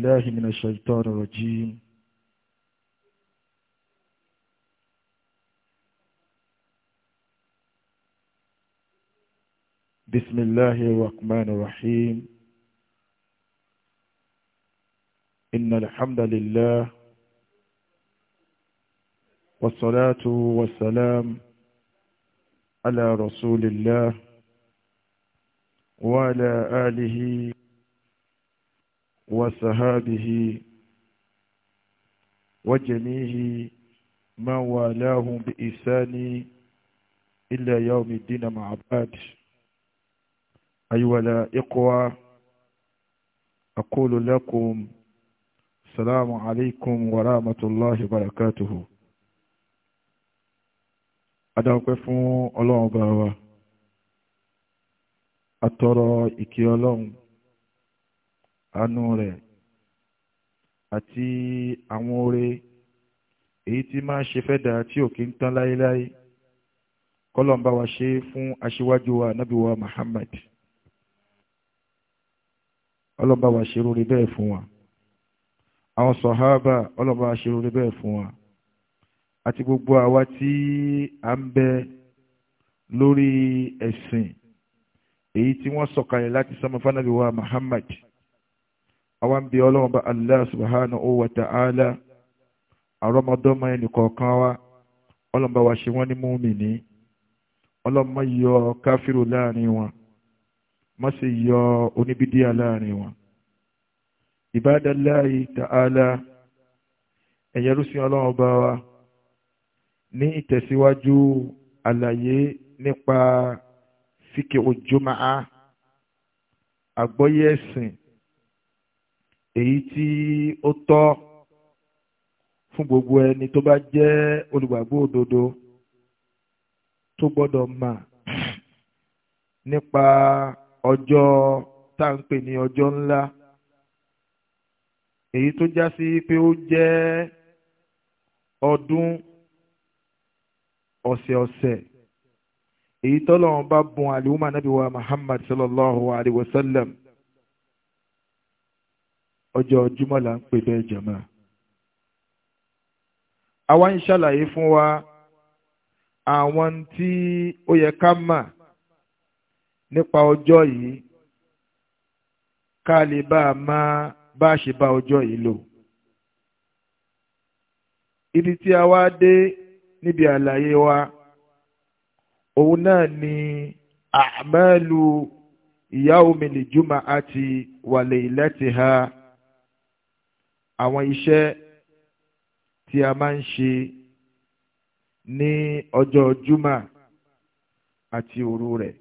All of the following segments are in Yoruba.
بالله من الشيطان الرجيم بسم الله الرحمن الرحيم إن الحمد لله والصلاة والسلام على رسول الله وعلى آله وصحابه وجميع من والاهم بإحسان إلى يوم الدين مع بعد أيها الإخوة أقول لكم السلام عليكم ورحمة الله وبركاته adáwọ̀pẹ́ fún ọlọ́run bá wa atọ́rọ ìkẹ́ ọlọ́run Anu rẹ̀ àti àwọn ore èyí tí máa ṣe fẹ́ dáa tí ò kí ń tán láéláé kọ́lọ̀mbá wa ṣe fún aṣíwájú wa nábì wa Muhammad ọlọ́mbà wa ṣe rúrí bẹ́ẹ̀ fún wa àwọn sọ̀hábà ọlọ́mbà wa ṣe rúrí bẹ́ẹ̀ fún wa àti gbogbo àwa tí a ń bẹ lórí ẹ̀sìn èyí tí wọ́n sọ̀kalẹ̀ láti sọ́mọ fánàbí wa Muhammad àwa ń bi ọlọ́run bá Allah subhanahu wa ta'ala àrọ́mọdọ́mọ ẹnìkọ̀ọ̀kan wa ọlọ́run bá wa ṣe wọ́n ní múmìnì ọlọ́run má yọ káfíru láàrin wọn má sì yọ oníbídíà láàrin wọn. Ibadallahi ta'ala ẹ̀yẹ́rúsìn ọlọ́run bá wa ní ìtẹ̀síwájú àlàyé nípa fíkẹ̀ òjòmáà àgbọ́yé ẹ̀sìn èyí tí ó tọ́ fún gbogbo ẹni tó bá jẹ́ olùgbàgbọ́ òdodo tó gbọ́dọ̀ mà nípa ọjọ́ tá à ń pè ní ọjọ́ ńlá èyí tó já sí pé ó jẹ́ ọdún ọ̀sẹ̀ọ̀sẹ̀ èyí tọ́lọ́run bá bùn àlùmọ́ ànábì wa Muhammad sallallahu alayhi wa sallam ọjọ́ jùmọ̀ là ń pè bẹ́ẹ̀ jàmá. àwa ń ṣàlàyé fún wa àwọn tí ó yẹ ká mà nípa ọjọ́ yìí ká lè bá a máa bá a ṣe bá ọjọ́ yìí lò. ibi tí a wá dé níbi àlàyé wa òun náà ni àmàlù yawmi li juma'ati wa laylatiha àwọn iṣẹ́ tí a máa ń ṣe ní ọjọ́ juma àti òru rẹ̀.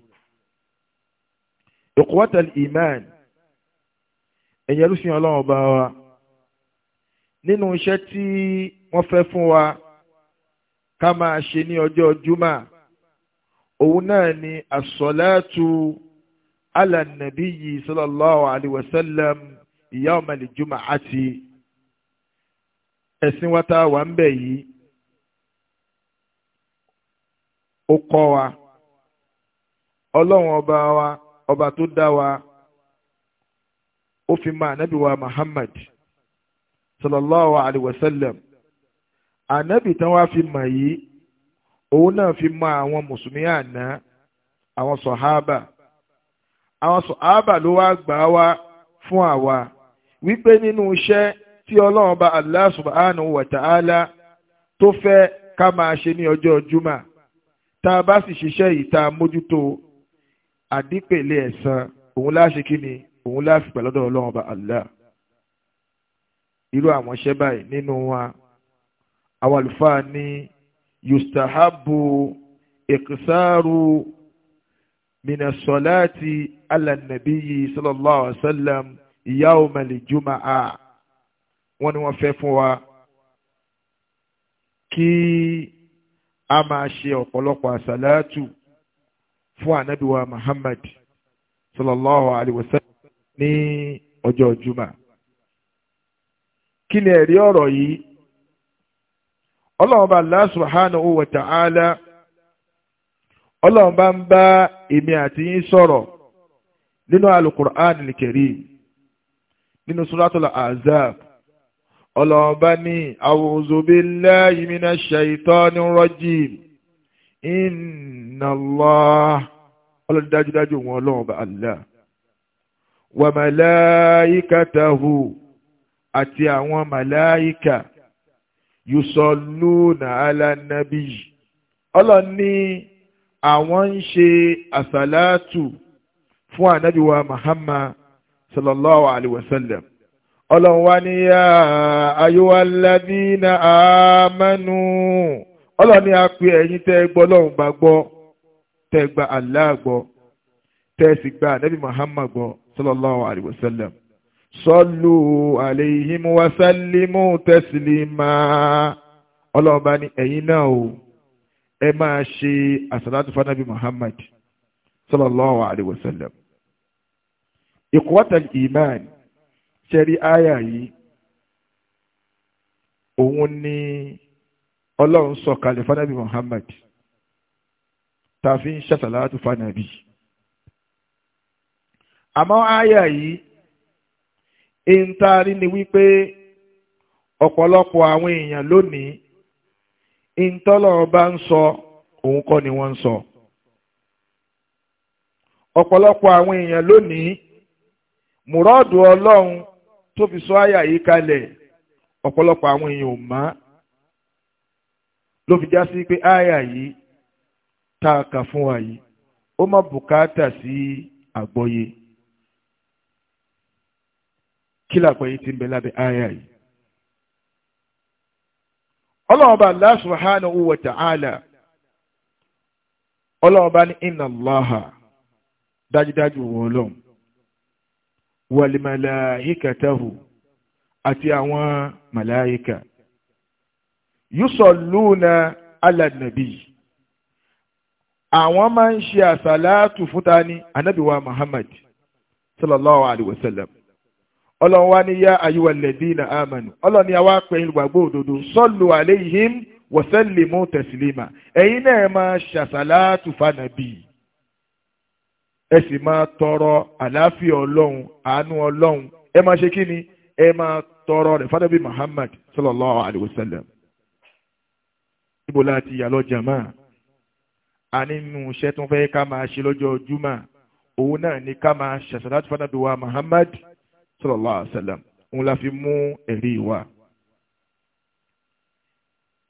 ìkúwàtà iman ẹ̀yẹ lùsìn ọlọ́run bá wa nínú iṣẹ́ tí wọ́n fẹ́ fún wa ká máa ṣe ní ọjọ́ juma òun náà ni asọ́láàtú alànàbíyí sallallahu alayhi wa sallam yawm al-jum'ati ẹ̀sìn wa tá a wà ń bẹ̀ yìí ó kọ́ wa ọlọ́run ọba wa ọba tó dá wa ó fi máa ànábì wa Muhammad sallallahu alayhi wa sallam ànábì tán wá fi mọ̀ yìí òun náà fi mọ àwọn mùsùlùmí àná àwọn sọ̀hábà àwọn sọ̀hábà ló wá gbà wá fún àwa wípé nínú iṣẹ́ tí ọlọ́run bá Allah subhanahu wa ta'ala tó fẹ́ ká máa ṣe ní ọjọ́ juma tá a bá sì ṣiṣẹ́ yìí tá a mójútó àdípèlé ẹ̀san òun láṣẹ kí ni òun láfi pẹ̀lọ́dọ̀ ọlọ́run bá Allah irú àwọn iṣẹ́ báyìí nínú wa àwọn àlùfáà ní yustahabu iqsaru mina salati sallallahu alaihi wasallam yawma li jumaa. wọ́n ní wọ́n fẹ́ fún wa kí a máa ṣe ọ̀pọ̀lọpọ̀ àṣàlátù fún ànábì Muhammad sallallahu alayhi wa sallam ní ọjọ́ juma kí ni ẹ̀rí ọrọ yìí ọlọ́run bá Allah subhanahu wa ta'ala ọlọ́run bá ń bá èmi àti yín sọ̀rọ̀ nínú alukur'an al-karim nínú suratul azab ọlọ́ọ̀bá ní a'udhu billahi minash shaitani rajim inna Allah ọlọ́dún dájúdájú wọn ọlọ́ọ̀bá Allah wa malaikatahu àti àwọn màláìkà yusalluna ala nabi ọlọ́ni àwọn ń ṣe àsàlátù fún ànábì wa Muhammad sallallahu alaihi wasallam ọlọ́run wá ní ayọ́wálẹ́dínà àmánú ọlọ́run ní a pè ẹ̀yin tẹ́ gbọ́ ọlọ́run bá gbọ́ tẹ́ gba Allah gbọ́ tẹ́ sì gba ànábì Muhammad gbọ́ sallallahu alayhi wa sallam sọ́lù àlẹ́yìn wàsálímù tẹ́sílímà ọlọ́run bá ní ẹ̀yin náà o ẹ máa ṣe àsàlátù fanabi Muhammad sallallahu alayhi ìkọ́tà ìmáàni. ṣẹ́rí àyà yìí òun ni ọlọ́run sọ kalẹ̀ fanabi Muhammad ta fi ń ṣàtàlátù fanabi àmọ́ àyà yìí ń ni wípé ọ̀pọ̀lọpọ̀ àwọn èèyàn lónìí ìntọ́lọ̀ nsọ ń sọ òun kọ́ ni wọ́n ń sọ. ọ̀pọ̀lọpọ̀ àwọn èèyàn lónìí mùrọ́ọ̀dù ọlọ́run tó fi sọ àyà yìí kalẹ̀ ọ̀pọ̀lọpọ̀ àwọn èèyàn ò ló fi já sí pé àyà yìí kà fún wa yìí ó má bùkátà sí àgbọ́yé kí làgbọ́yé ti ń bẹ lábẹ́ àyà yìí. Allah ta'ala ní dájúdájú wàlìmàláyíkàtàhù àti àwọn màláyíkà yusalluna ala nabi àwọn máa ń ṣe àsàlátù fúta ní anábìwá muhammad sallallahu alayhi wa sallam ọlọ́run wá ní yá àyíwá lẹ́dínà àmánù ọlọ́run ni àwa pè olùgbàgbọ́ òdodo sọ́lù àléhìm wọ̀sẹ́lìmù tẹ̀sílímà ẹ̀yin náà máa ṣàṣàlátù fànàbí ẹ sì máa tọrọ àlàáfíà ọlọ́run àánú ọlọ́run ẹ máa ṣe kí ni ẹ máa tọrọ rẹ̀ fádàbí Muhammad sallallahu alayhi wa sallam níbo láti yà lọ jàmá a nínú iṣẹ́ tó fẹ́ ká máa ṣe lọ́jọ́ juma òun náà ni ká máa ṣàṣàlá tó fádàbí wa Muhammad sallallahu alayhi wa sallam òun la fi mú ẹ̀rí wa.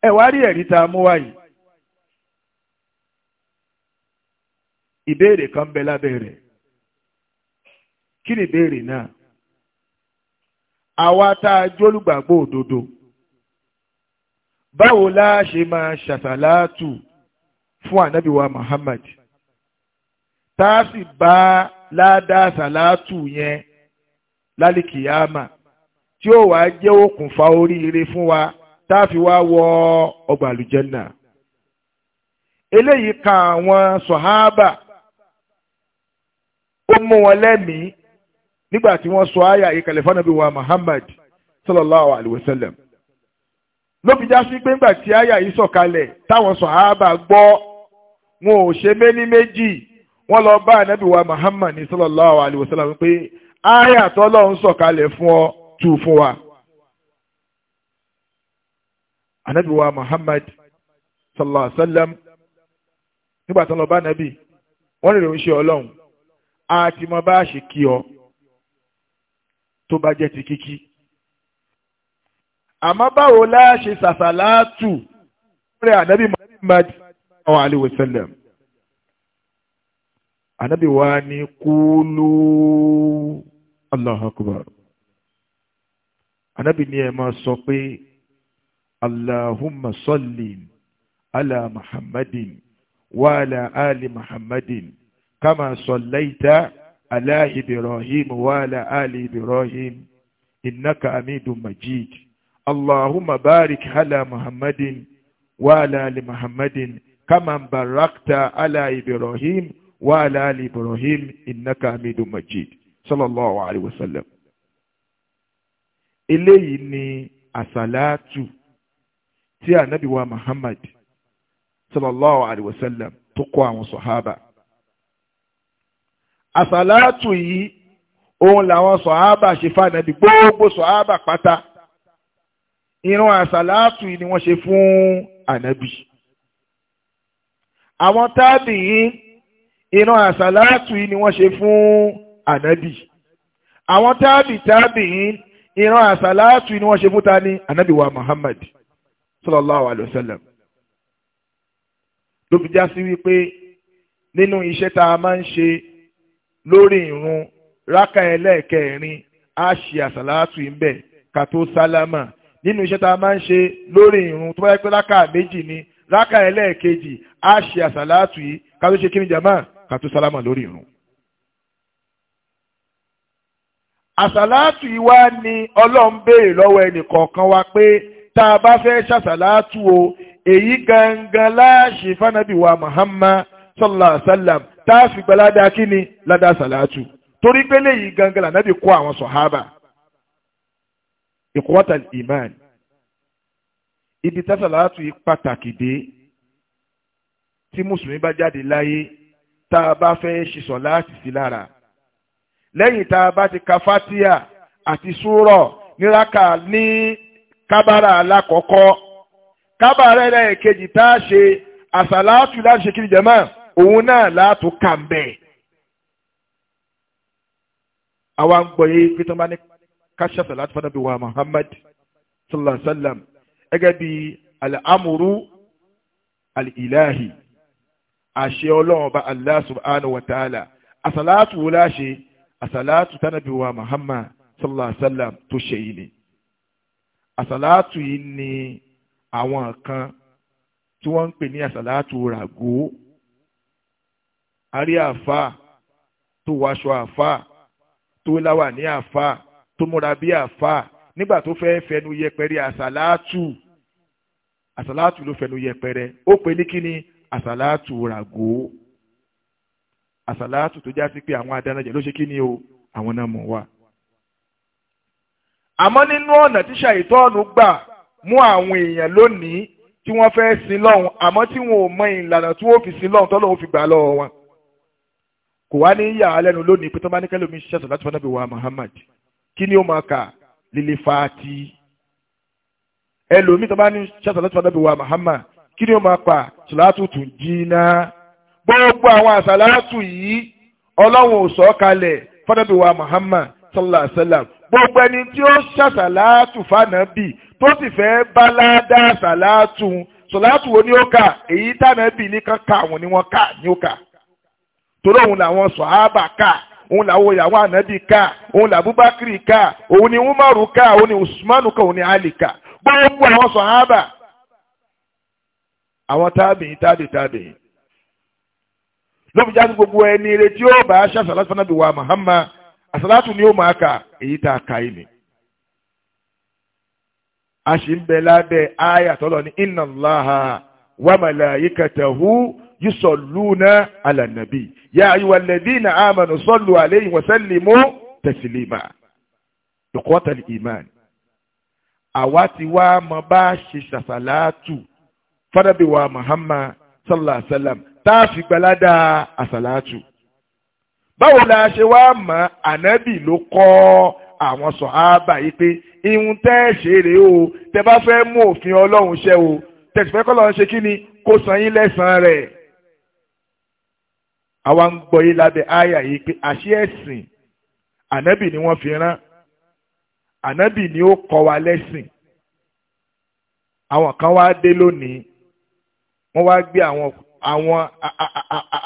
ẹ wá rí ẹ̀rí tá a mú wá ìbéèrè kan bẹ lábẹ́ rẹ̀ kí ni ìbéèrè náà àwa tá a jólùgbàgbọ́ òdodo báwo la ṣe máa ṣàṣàlátù fún ànábì Muhammad tá a sì bá ládàá ṣàlátù yẹn lálìkìyàmà tí ó wàá jẹ́ òkùnfà oríire fún wa tá a fi wá wọ ọgbà àlùjẹ́nà eléyìí kan àwọn sọ̀háábà. So ó mú wọn lẹ́mìí nígbà tí wọ́n sọ àyà ìkàlẹ̀ fanabi wa Muhammad sallallahu alayhi wa sallam ló fi já sí pé nígbà tí àyà yìí sọ̀kalẹ̀ táwọn sọ̀hábà gbọ́ wọn ò ṣe méní méjì wọ́n lọ bá ànábì wa Muhammad sallallahu alayhi wa sallam pé àyà tọ́lọ́run sọ̀kalẹ̀ fún ọ tú fún wa. ànábì wa Muhammad sallallahu alayhi wa sallam nígbà tí wọ́n lọ bá ànábì wọ́n rèrè ń ṣe ọlọ́run a ti mọ bá a ṣe kí ọ tó bá jẹ́ ti kíkí àmọ́ báwo la ṣe sàṣàlátù rẹ̀ ànábì Muhammad sallallahu alaihi wasallam ànábì wa ní kúlú Allahu akbar ànábì ni ẹ máa sọ pé Allahumma salli Muhammadin wa ala Muhammadin. كما صليت على إبراهيم وعلى آل إبراهيم إنك أميد مجيد اللهم بارك على محمد وعلى آل محمد كما باركت على إبراهيم وعلى آل إبراهيم إنك أميد مجيد صلى الله عليه وسلم إليني ni àsàlátù tí ànábì wa Muhammad sallallahu alaihi wasallam tó kọ́ àwọn àsàlátù yìí òun làwọn sọ̀hábà ṣe fànàbí gbogbo sọ̀hábà pátá irun àsàlátù yìí ni wọ́n ṣe fún ànábì àwọn táàbì yìí irun àsàlátù yìí ni wọ́n ṣe fún ànábì àwọn táàbì táàbì yìí irun àsàlátù yìí ni wọ́n ṣe fún tani ànábì wa Muhammad sallallahu alayhi wa sallam ló fi já sí wípé nínú iṣẹ́ tá a máa ń ṣe lórí ìrun rákà ẹlẹ́ẹ̀kẹrin a ṣe àṣàlátù ńbẹ̀ ká tó sálámà nínú iṣẹ́ tá a máa ń ṣe lórí ìrun tó bá yẹ pé rákà méjì ni rákà ẹlẹ́ẹ̀kejì ṣe àṣàlátù yìí ká tó ṣe kí ni jàmá ká tó sálámà lórí ìrun. àṣàlátù yìí wá wa pé tá a bá fẹ́ ṣàṣàlátù o èyí gangan láàṣì fánàbí wa Muhammad sallallahu alayhi wa sallam tá a fi gbalada kí ni ládàá sàlátù torí pé léyìí gangan lànàbì kó àwọn sọ̀hábà ìkọ́wọ́tà ìmáàlì ibi tá sàlátù yìí pàtàkì dé tí mùsùlùmí bá jáde láyé tá a bá fẹ́ ṣiṣọ́ láti sí lára lẹ́yìn tá a bá ti ka fatia àti súrọ̀ níraka ní kábàárà alákọ̀ọ́kọ́ kábàárà ẹ̀kejì tá a ṣe àsàlátù láti ṣe kiri jẹ́mọ́ òun náà látò kà ń bẹ̀. àwa ń gbọ́ yé pé tó máa ní káṣíṣàṣà láti fọ́nà bí wa Muhammad sallallahu alayhi wa sallam gẹ́gẹ́ bí al'amuru al'ilahi àṣẹ ọlọ́run ọba Allah subhanahu wa ta'ala àsàlátù wo láṣẹ àsàlátù tánàbí wa Muhammad sallallahu alayhi wa sallam tó ṣe yìí ni àsàlátù yìí ni àwọn kan tí wọ́n ń pè ní àsàlátù ràgó arí àfáà tó wàṣọ àfáà tó láwà ní àfáà tó múra bí àfáà nígbà tó fẹ́ fẹnu yẹpẹrẹ àsàlátù àsàlátù ló fẹnu yẹpẹrẹ ó pe ní kíni àsàlátù ràgó àsàlátù tó já sí pé àwọn adánájẹ ló ṣe kíni o àwọn náà mọ̀ wá. àmọ́ nínú ọ̀nà tí ṣàìtọ́ọ̀nù gbà mú àwọn èèyàn lónìí tí wọ́n fẹ́ sin lọ́hùn àmọ́ tí wọn ò mọ ìlànà tí wọ́n fi sin lọ́hùn tọ́lọ́hùn fi gbà lọ́wọ́ wọn. kò wá ní yà á lẹ́nu lónìí pé tó bá ní ṣiṣẹ́ Muhammad kí ni ó máa kà fati ẹlòmí tó bá ní ṣiṣẹ́ Muhammad kí ni ó máa pa sọ̀lá tó gbogbo àwọn asalatu yìí ọlọ́run ò sọ kalẹ̀ wa Muhammad sallallahu alayhi wa sallam gbogbo ẹni tí ó ṣàṣàlátù fànàbì tó sì fẹ́ wo ni ó kà èyí ní kan àwọn ni wọ́n torí òun làwọn sọ̀hábà ká òun làwọn ìyàwó ànábì ká òun làbúbákìrì ká òun ni umaru ká òun ni usmanu ká òun ni ali ká gbogbo àwọn sọ̀hábà àwọn tábì lóbi jáde gbogbo ẹni ó bá wa ni ó máa kà èyí tá a kà yìí ni. a sì ń bẹ lábẹ́ ayatollah ní inna Allaha wa yusalluna ala nabi ya ayyuhal ladina amanu sallu alayhi wa sallimu taslima duqwatal iman àwa ti wá mọ bá ṣe ṣàṣàlátù fọ́dọ̀bí wa Muhammad sallallahu alayhi wa sallam tá a fi gbalada àṣàlátù báwo la ṣe wá mọ̀ ànábì ló kọ́ àwọn sọ̀hábà yìí pé ihun tẹ́ ṣe rèé o tẹ́ bá fẹ́ mú òfin ọlọ́run ṣẹ o tẹ̀sífẹ́ kọ́ lọ́n ṣe kí ni kó san yín lẹ́sàn-án rẹ̀ àwa ń gbọ́ yé lábẹ́ àyà yìí pé àṣẹ ẹ̀sìn ànábì ni wọ́n fi rán ànábì ni ó kọ́ wa lẹ́sìn àwọn kan wá dé lónìí wọ́n wá gbé àwọn àwọn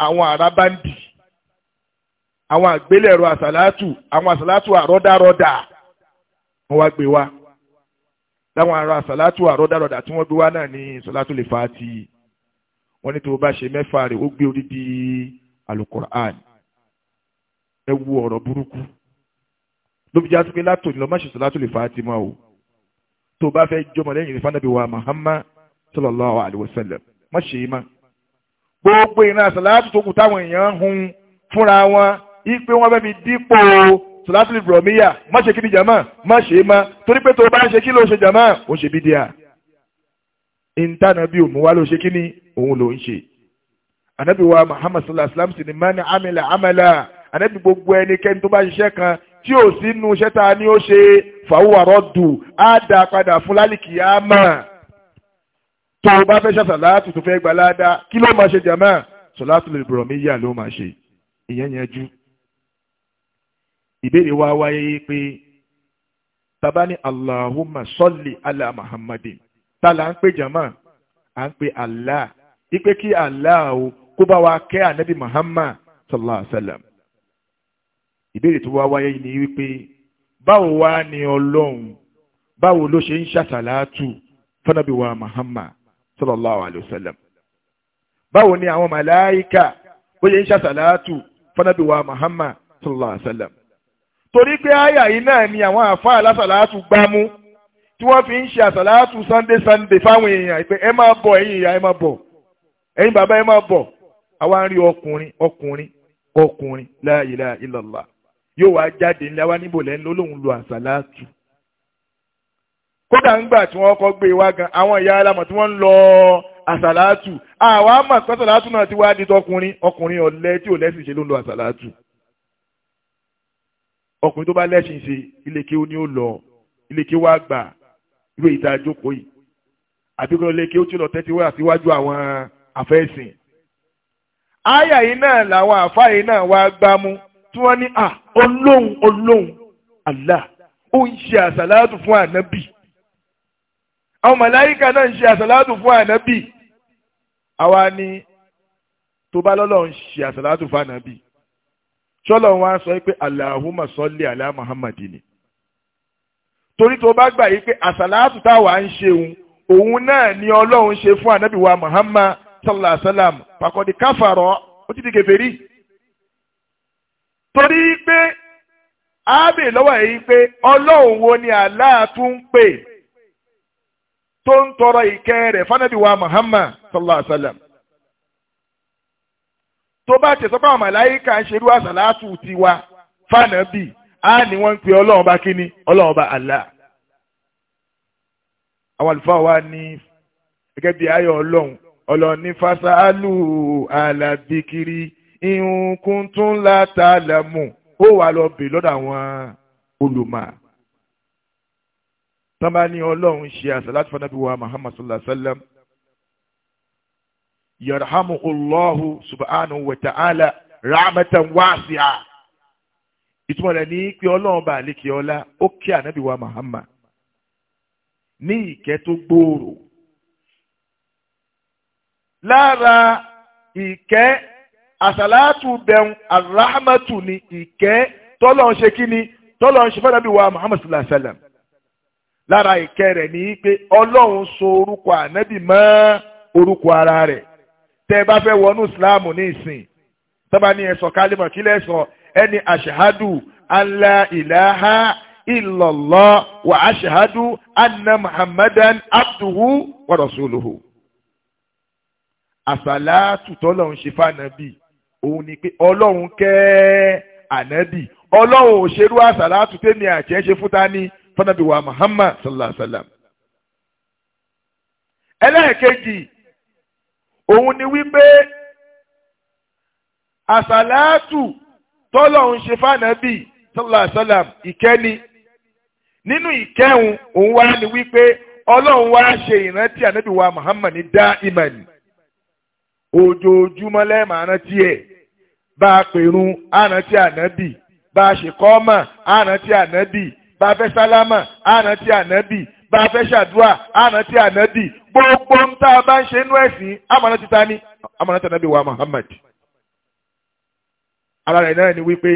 àwọn arábáǹdì àwọn àgbélẹ̀rọ àsàlátù àwọn àsàlátù àrọ́dàrọ́dà wọ́n wá gbé wa láwọn ará àsàlátù àrọ́dàrọ́dà tí wọ́n gbé wa náà ní sàlátù lè fa ti wọ́n ní tó o bá ṣe mẹ́fà rẹ̀ ó gbé orí di alukur'an ẹ wu ọ̀rọ̀ burúkú lóbi jẹ́ àtúnkẹ́ látòlì lọ́mọ ṣètò látòlì Fatima o tó bá fẹ́ jọmọ lẹ́yìn ìfànàbí wa Muhammad sallallahu alayhi wa sallam má ṣe é má gbogbo ìran àṣàlátù tó kù táwọn èèyàn ń hun fúnra wọn ipe wọn fẹ́ fi dípò sọlátìlì bùrọ̀míyà má ṣe kí ni jàmá má ṣe é má torí pé tó bá ṣe kí ló ṣe jàmá ó ṣe bí ìntànà bí òmùwá ló ṣe kí ni òun ló ń ṣe anabi wa muhammad sallallahu alaihi wasallam sì ni mani amila amala anabi gbogbo ẹnikẹ́ni tó bá ṣiṣẹ́ kan tí ò sí nu iṣẹ́ ta ni ó ṣe fàwọ̀rọ̀ dù á dá padà fún lálìkì á mọ̀ tó o bá fẹ́ ṣàṣàlá tuntun fẹ́ gbà ládàá kí ló máa ṣe jàmá sọláàtù lè bọ̀rọ̀ mi yà ló máa ṣe ìyẹn yẹn jú. ìbéèrè wa wáyé pé bàbá ní allahumma salli ala muhammadin tá là ń pè jàmá à ń pè allah ipe kí allah o kó bá wa kẹ́ ànábì Muhammad sallallahu alayhi wa sallam ìbéèrè tó wá wáyé ni wípé báwo wá ni ọlọ́run báwo ló ṣe ń ṣàṣàlátù fúnàbí wa Muhammad sallallahu alayhi wa sallam báwo ni àwọn màláìka bó ṣe ń ṣàṣàlátù fúnàbí wa Muhammad sallallahu alayhi wa sallam torí pé àyà yìí náà ni àwọn àfáà lásàlátù gbámú tí wọ́n fi ń ṣe àṣàlátù sunday sunday fáwọn èèyàn pé ẹ máa bọ̀ ẹ̀yin ìyá ẹ máa bọ̀ ẹ̀yin bàbá ẹ máa bọ̀ àwa ń rí ọkùnrin ọkùnrin ọkùnrin la ilaha illallah yóò wá jáde ńlá wá níbo lẹ́nu lólóhùn lu àsàlátù kódà ń gbà tí wọ́n kọ́ gbé e wá gan àwọn ìyá alámọ̀ tí wọ́n ń lọ àsàlátù àwa mọ̀ pé àsàlátù náà ti wá di tọkùnrin ọkùnrin ọ̀lẹ́ tí ò lẹ́sìn ṣe ló ń lọ àsàlátù ọkùnrin tó bá lẹ́sìn ṣe ilé kí ó ní ó lọ ilé kí ó wá gbà ìwé ìta àjókòó yìí àbíkọ́ ilé kí ó ti lọ tẹ́tí wá síwájú àwọn afẹ́sìn àyà yìí náà làwọn àfa yìí náà wá gbámú tí wọ́n ní à olóhùn olóhùn Allah ó ń ṣe àsàlátù fún ànábì àwọn màláyíkà náà ń ṣe àsàlátù fún ànábì àwa ni tó bá lọ́lọ́ ń ṣe àsàlátù fún ànábì ṣọ́lọ̀ wọn á sọ pé Allahumma salli ala Muhammadin torí tó bá gbà yí pé àsàlátù táwa ń ṣe òun òun náà ni ọlọ́run ṣe fún ànábì wa Muhammad. sallallahu alayhi pàkọ́dé káfàrọ́ ó ti di kèfèrí. torí pé ábè lọ́wọ́ yìí pé ọlọ́run wo ni Allah ń pè tó ń tọrọ ìkẹ́ rẹ̀ fanabi Muhammad sallallahu alayhi tó bá tẹ̀sán fún tiwa fanabi á ní wọ́n ń pè ọlọ́run bá kíní ọlọ́run Allah. àwọn àlùfáà wa ní gẹ́gẹ́ bí ọlọ́ni fasaálù aládìkiri ìhùnkùntúnlá tààlàmù ó wà lọ bè lọ́dọ̀ àwọn olùmọ̀ tọ́ba ní ọlọ́run ṣe àṣàláàtì fanabi wa muhammad sallallahu alayhi wa sallam yarhamu allahu subhanahu wa ta'ala rahmatan wasi'a ìtumọ̀ rẹ̀ ní pé ọlọ́run bá àlékè ọlá ó kí ànábì muhammad ní ìkẹ́ tó gbòòrò lára ìkẹ́ àsàlátù bẹ̀rùn àràhàmàtù ni ìkẹ́ tọ́lọ̀ ń ṣe kí ni tọ́lọ̀ ń ṣe fún ànábì wa Muhammad sallallahu alayhi wa sallam lára ìkẹ́ rẹ̀ ní pé ọlọ́run so orúkọ ànábì mọ́ orúkọ ara rẹ̀ tẹ́ ẹ bá fẹ́ wọnú Islam ní ìsìn tọ́ba ní ẹ̀sọ́ kálímọ̀ kí lẹ́sọ̀ ẹni àṣàhádù alá ìlàhà illallah wa àṣàhádù anna Muhammadan abduhu wa rasuluhu àsàlátù tọ́lọ̀ ń ṣe fànàbì òun ni pé ọlọ́run kẹ́ ànábì ọlọ́run ò ṣerú àsàlátù tèmi àti ṣe fún ní fànàbì wa Muhammad sallallahu alayhi wa sallam. ẹlẹ́ẹ̀kejì òun ni wípé àsàlátù tọ́lọ̀ ṣe fànàbì sallallahu alayhi wa sallam ìkẹ́ni nínú ìkẹ́hùn òun wá ni wípé ọlọ́run wá ṣe ìrántí ànábì wa Muhammad ní dá ìmọ̀ ni ojoojúmọ́ lẹ́ẹ̀mọ́ arántí ẹ̀ bá a pèrun arántí ànábì bá a ṣèkọ́ mọ̀ arántí ànábì bá a fẹ́ sálámà arántí ànábì bá a fẹ́ ṣàdúrà arántí ànábì gbogbo ń tá a bá ń ṣe inú ẹ̀sìn amọ̀nà títa ni amọ̀nà títa nàbí wa Muhammad. ara rẹ̀ náà ni wípé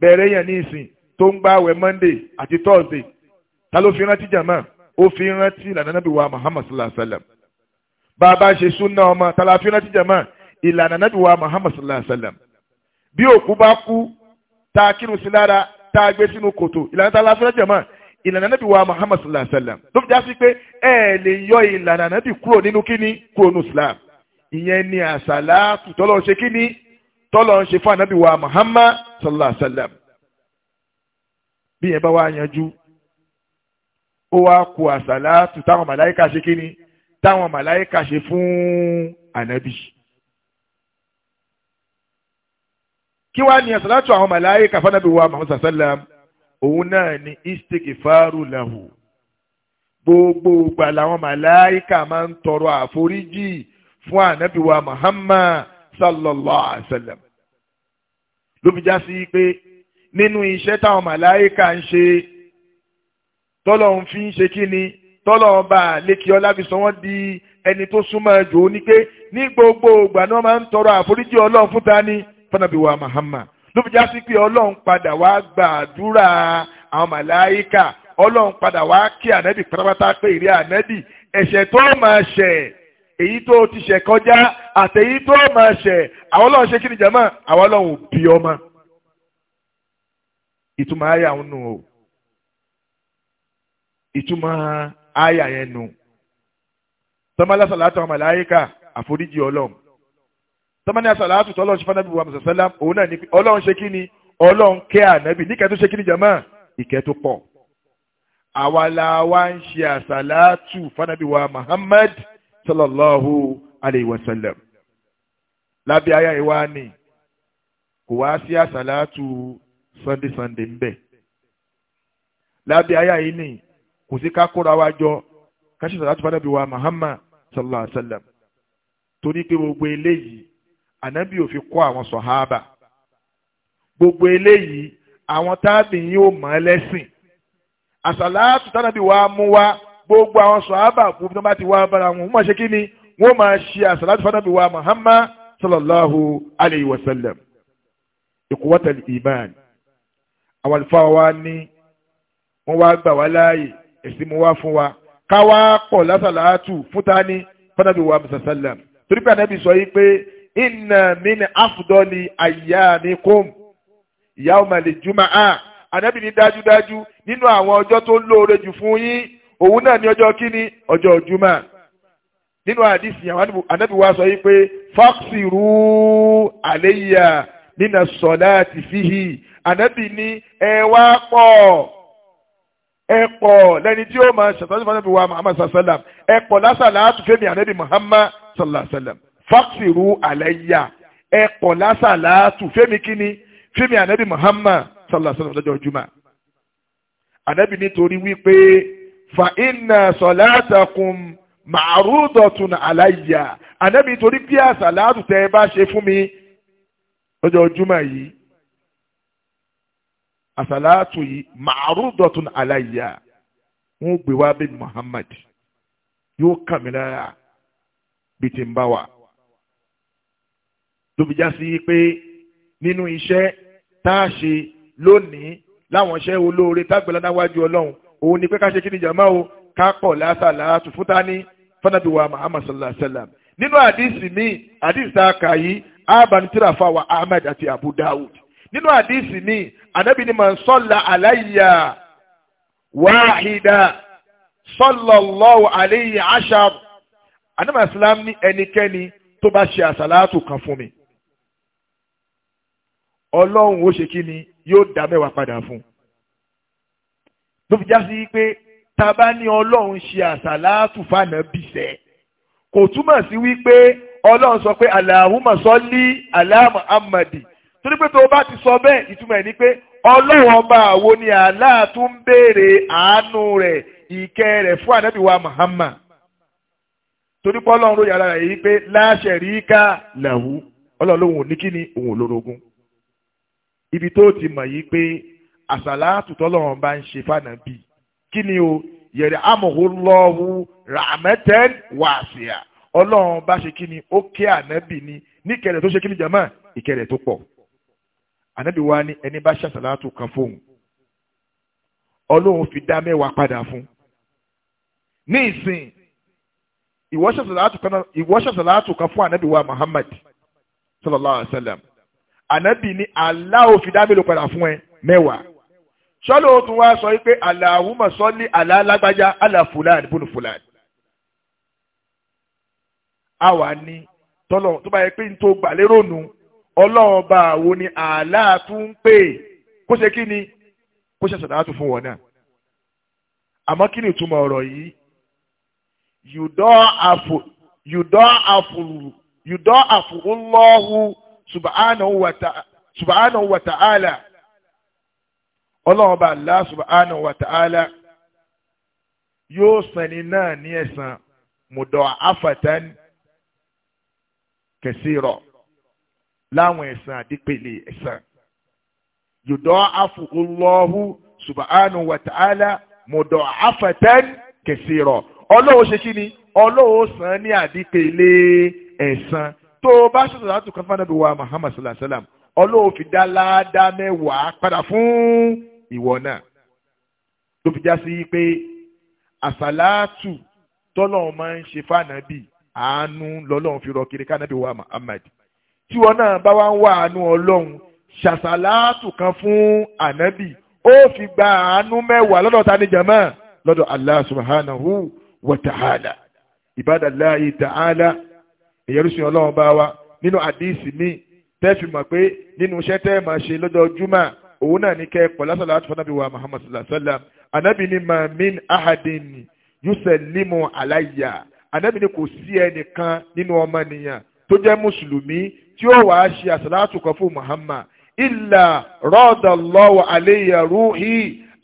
bẹ̀rẹ̀ yẹn ní ìsìn tó ń gbààwẹ̀ Monday àti Thursday ta ló fi rántí jàmá ó fi rántí ìlànà nàbí wa Muhammad sallallahu alaihi wa sallam bàbá ṣe súnà ọmọ tàlàfíà ti jẹ̀mọ́ ìlànà nàbìwá muhammad sallallahu alayhi wa sallam bí òkú bá kú tá a kírun sí lára tá a gbé sínú kòtò ìlànà tàlàfíà jẹ̀mọ́ ìlànà nàbìwá muhammad sallallahu alayhi wa sallam ló fi já sí pé ẹ lè yọ ìlànà nàbì kúrò nínú kíní kúrò nínú islam ìyẹn ni àṣàlá tọ́lọ́ ṣe kíní tọ́lọ́ ṣe fún ànábìwá muhammad sallallahu alayhi wa sallam bí yẹn bá wá yanjú ó wá ku àṣàlá tù táwọn ṣe kíní táwọn màláyíkà ṣe fún ànábì. kí wàá ní àsàlátù àwọn màláyíkà fanabi wa Muhammad sallam òun náà ni istighfaru lahu gbogbo ìgbà làwọn màláyíkà máa ń tọrọ àforíjì fún ànábì wa Muhammad sallallahu alaihi wasallam ló fi já sí pé nínú iṣẹ́ táwọn màláyíkà ń ṣe tọ́lọ́hún fi ń ṣe kí ni tọ́lọ̀ ọba àlékí ọlábi sọ wọ́n di ẹni tó súnmọ́ ẹjọ́ ní pé ní gbogbo ìgbà ni wọ́n máa ń tọrọ àforíjì ọlọ́run fún ta fúnàbíwá Muhammad ló fi já sí pé ọlọ́run padà wá gbàdúrà àwọn màláyíkà ọlọ́run padà wá kí ànẹ́bì pátápátá pé ìrí ànẹ́bì ẹ̀ṣẹ̀ tó máa ṣẹ̀ èyí tó ti ṣẹ̀ kọjá àtẹ̀yí tó máa ṣẹ̀ àwọn ọlọ́run ṣe kí ni jẹ́mọ́ àwọn ọlọ́run bí ọmọ ìtumọ̀ ayé àwọn nù o ìtumọ̀ àyà yẹn nù tọ́mọlá sàlátù àwọn màláyíkà àforíjì ọlọ́run tọ́mọlá sàlátù tọ́lọ́run ṣe fanabi wa mùsàlám òun náà ní pé ọlọ́run ṣe kí ni ọlọ́run kẹ́ ànábì níkẹ́ tó ṣe kí ni jàmá ìkẹ́ tó pọ̀ àwa la wá ń ṣe àsàlátù fanabi wa Muhammad sallallahu alayhi wa sallam lábẹ́ àyà yìí wá ní kò wá sí àsàlátù Sunday Sunday ń bẹ̀ lábẹ́ àyà yìí nìyí kò sí ká kóra wa jọ ká ṣe sàlátù fún ànábì wa Muhammad sallallahu alayhi wa sallam torí pé gbogbo eléyìí ànábì ò fi kọ́ àwọn sọ̀háàbà gbogbo eléyìí àwọn tábìyìn ò mọ̀ ẹ́ lẹ́sìn àsàlátù tánàbì wa mú wa gbogbo àwọn sọ̀háàbà gbogbo tó bá ti wá bára wọn wọ́n ṣe kí ni wọ́n máa ṣe àsàlátù fánàbì wa Muhammad sallallahu alayhi wa sallam ìkúwọ́tẹ̀lì ìmáàni àwọn àlùfáà wa ní wọ́n wá gbà wá láàyè èsì mú wá fún wa ká wá pọ̀ lásàlátù fún ta ni fúnàbí wa mùsàsálàm torí pé ànábì sọ yìí pé inna min afdali ayyamikum yawmal jumu'ah ànábì ní dájúdájú nínú àwọn ọjọ́ tó ń lóore jù fún yín òun náà ní ọjọ́ kíní ọjọ́ jùmọ̀ nínú àdìsí àwọn ànábì wa sọ yìí pé fáksìrú àléyà nínà sọ̀dá àti ànábì ní ẹ wá pọ̀ ẹ pọ̀ lẹ́ni tí ó máa ṣàtọ́jú fún ànábì wa muhammad sallam ẹ pọ̀ lásàlátù fẹ́mi ànábì muhammad sallam fàksìrú àlẹ́yà ẹ pọ̀ lásàlátù fẹ́mi kíni fẹ́mi ànábì muhammad sallam lọ́jọ́ juma. ànábì nítorí wípé fa inna salatakum màrúdọ̀tún àlàyà ànábì nítorí bí àsàlátù tẹ́ bá ṣe fún mi lọ́jọ́ juma yìí àsàlátù yìí màrúdọ̀tún aláìyá wọn gbé wá bí Muhammad yóò kàmìlára bitimbawa ti ń bá wa tóbi já sí pé nínú iṣẹ́ tá a ṣe lónìí láwọn iṣẹ́ olóore tágbẹ̀ládàwájú ọlọ́run òun ni pé ká ṣe kí ni jàmá o ká pọ̀ lásàlátù fúntání fúnàbíwá Muhammad sallallahu alayhi wa sallam nínú àdìsí mi àdìsí tá kà yìí abanitirafa wa Ahmad àti Abu Dawud nínú àdìsí mi ànábì ni màá sọ́la àláyà wáhídà sallallahu alayhi ashar ànábì islam ní ẹnikẹ́ni tó bá ṣe àsàlátù kan fún mi ọlọ́run ó ṣe kí ni yóò dá mẹ́wàá padà fún un ló fi já sí pé ta ní ọlọ́run ṣe àsàlátù fànàbì sẹ́ kò túmọ̀ sí wípé ọlọ́run sọ pé Allahumma salli ala torí pé tó o bá ti sọ bẹ́ẹ̀ ìtumọ̀ ẹ̀ ni pé ọlọ́run ọba àwo ni Allah tún ń béèrè àánú rẹ̀ ìkẹ́ rẹ̀ fún ànábì wa Muhammad torí pé ọlọ́run ló yàrá rẹ̀ yìí pé la sharika lahu ọlọ́run lòun ò ní kíni òun ò lórogún ibi tó ti mọ̀ yìí pé àsàlátù tọ́lọ́run bá ń ṣe fànàbí kíni o yẹ̀rẹ̀ amòhùnlọ́hù ràmẹ́tẹ́n wàásìá ọlọ́run bá ṣe kíni ó kẹ́ ànábì ni níkẹrẹ tó ṣe kíni jàmáà ìkẹrẹ tó pọ̀. ànábì wa ní ẹni bá ṣàṣàlátù kan fóun ọlọ́run fi dá mẹ́wàá padà fún ní ìsìn ìwọ ṣàṣàlátù kan fún ànábì wa Muhammad sallallahu alayhi wa sallam ànábì ní Allah ó fi dá mélòó padà fún ẹ mẹ́wàá sọ́lọ́ òtún wá sọ wípé Allahumma salli ala lágbájá ala fúlàní bùnú fúlàní. a wà ní tọ́lọ̀ tó bá yẹ pé n tó gbà lérò nù ọlọ́run ọba àwo ni àlá tún ń pè kó ṣe kí ni kó ṣe sàdáàtù fún wọn náà àmọ́ kí ni ìtumọ̀ ọ̀rọ̀ yìí yùdọ́ àfò yùdọ́ àfò yùdọ́ àfò ńlọ́hu subhanahu wa ta'ala ọlọ́run ọba àlá subhanahu wa ta'ala yóò sani náà ní ẹ̀san mùdọ̀ àfàtàn kẹsìrọ̀ láwọn ẹ̀san àdípele ẹ̀san yòdọ́ afọlọ́hu subhanahu wa ta'ala mọ̀dọ̀ afẹ́tẹ́n kẹsìrọ̀ ọlọ́wọ́ ṣe kí ni ọlọ́wọ́ san ní àdípele ẹ̀san tó o bá ṣètò láti kan fún wa muhammad sallallahu alayhi wa sallam ọlọ́wọ́ fi dá láàdá mẹ́wàá padà fún ìwọ náà tó fi já sí pé àsàlátù tọ́lọ́run máa ń ṣe fáànàbì àánú lọ́lọ́run fi rọ kiri káànàbì wa muhammad tí wọn náà bá wá ń wá àánú ọlọ́run ṣàṣàlátù kan fún ànábì ó fi gba àánú mẹ́wàá lọ́dọ̀ ta ni jàmọ́ lọ́dọ̀ Allah subhanahu wa ta'ala ibadallahi ta'ala ìyẹrùsìn ọlọ́run bá wa nínú àdíìsì mi tẹ́ fi mọ̀ pé nínú iṣẹ́ tẹ́ máa ṣe lọ́jọ́ júmọ́ òun náà ní kẹ́ pọ̀ lásàlá àti fúnàbí wa muhammad sallallahu alayhi wa sallam anabi ni ma min ahadin yusallimu alayya anabi ni kò sí ẹnìkan nínú ọmọnìyàn tó jẹ́ mùsùlùmí tí ó wàá ṣe àsàlátù kan fún Muhammad ilà rọ́ọ̀dọ̀lọ́wọ̀ àléyà rúhì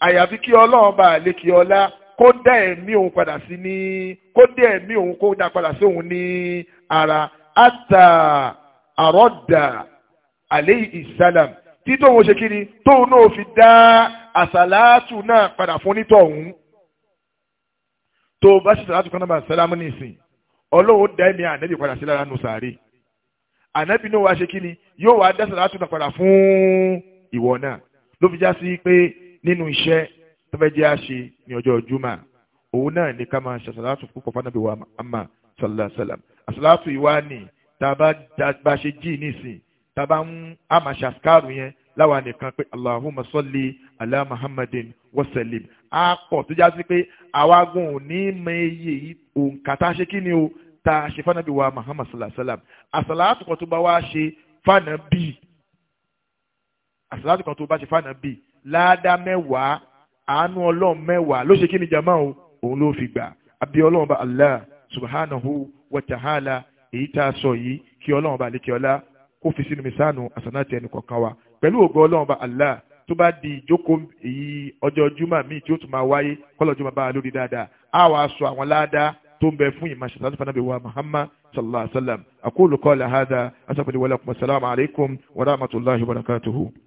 àyàfi kí ọlọ́run bá lè kí ọlá kó dá ẹ̀mí òun padà sí ní kó dá ẹ̀mí òun kó dá padà sí òun ní ara àtà àrọ́dà àléyì ìsálàm tí tóun ṣe kí ni tóun náà fi dá àsàlátù náà padà fún nítọ̀hún tó bá ṣe àsàlátù kan náà bá sálámù nìsín ọlọ́run dá ẹ̀mí ànẹ́bí padà sí lára nù sàárè ànábì náà wá ṣe kí ni yóò wá dá sàlátù náà padà fún ìwọ náà ló fi já sí pé nínú iṣẹ́ tó fẹ́ jẹ́ àṣe ní ọjọ́ juma òun náà ní ká máa ṣe sàlátù púpọ̀ fánàbí wa amma sallallahu alayhi wa sallam àsàlátù ìwá ni tá a bá ṣe jí nísìn tá a bá ń àmà ṣàṣkárù yẹn láwa nìkan pé allahumma salli ala muhammadin wa sallim á pọ̀ tó já sí pé àwa gun òní mọ iye òǹkà tá a ṣe kí ni o tá a ṣe fanabi wa muhammad sallallahu alaihi wa sallam àsàlátù kan tó bá wá ṣe fanabi àsàlátù kan tó bá ṣe fanabi láàdá mẹ́wàá àánú ọlọ́run mẹ́wàá ló ṣe kí ni jama o òun ló fi gbà àbí ọlọ́run bá allah subhanahu wa ta'ala èyí tá a sọ yìí kí ọlọ́run bá lékè ọlá kó fi sínú misánù àsànàtì ẹnì kọ̀ọ̀kan wa pẹ̀lú ògo ọlọ́run bá allah tó bá di ìjókòó èyí ọjọ́ juma míì tí ó tún máa wáyé kọ́lọ́jọ́ máa bá a lórí dáadáa á wàá sọ àwọn láàdáa tó ń bẹ fún ìmọ̀ ṣètàlù fanabi wa muhammad sallallahu alayhi wa sallam aqulu qala hadha asakunle wàlẹ́kùn assalamu alaykum wa rahmatulahi wa barakatuhu.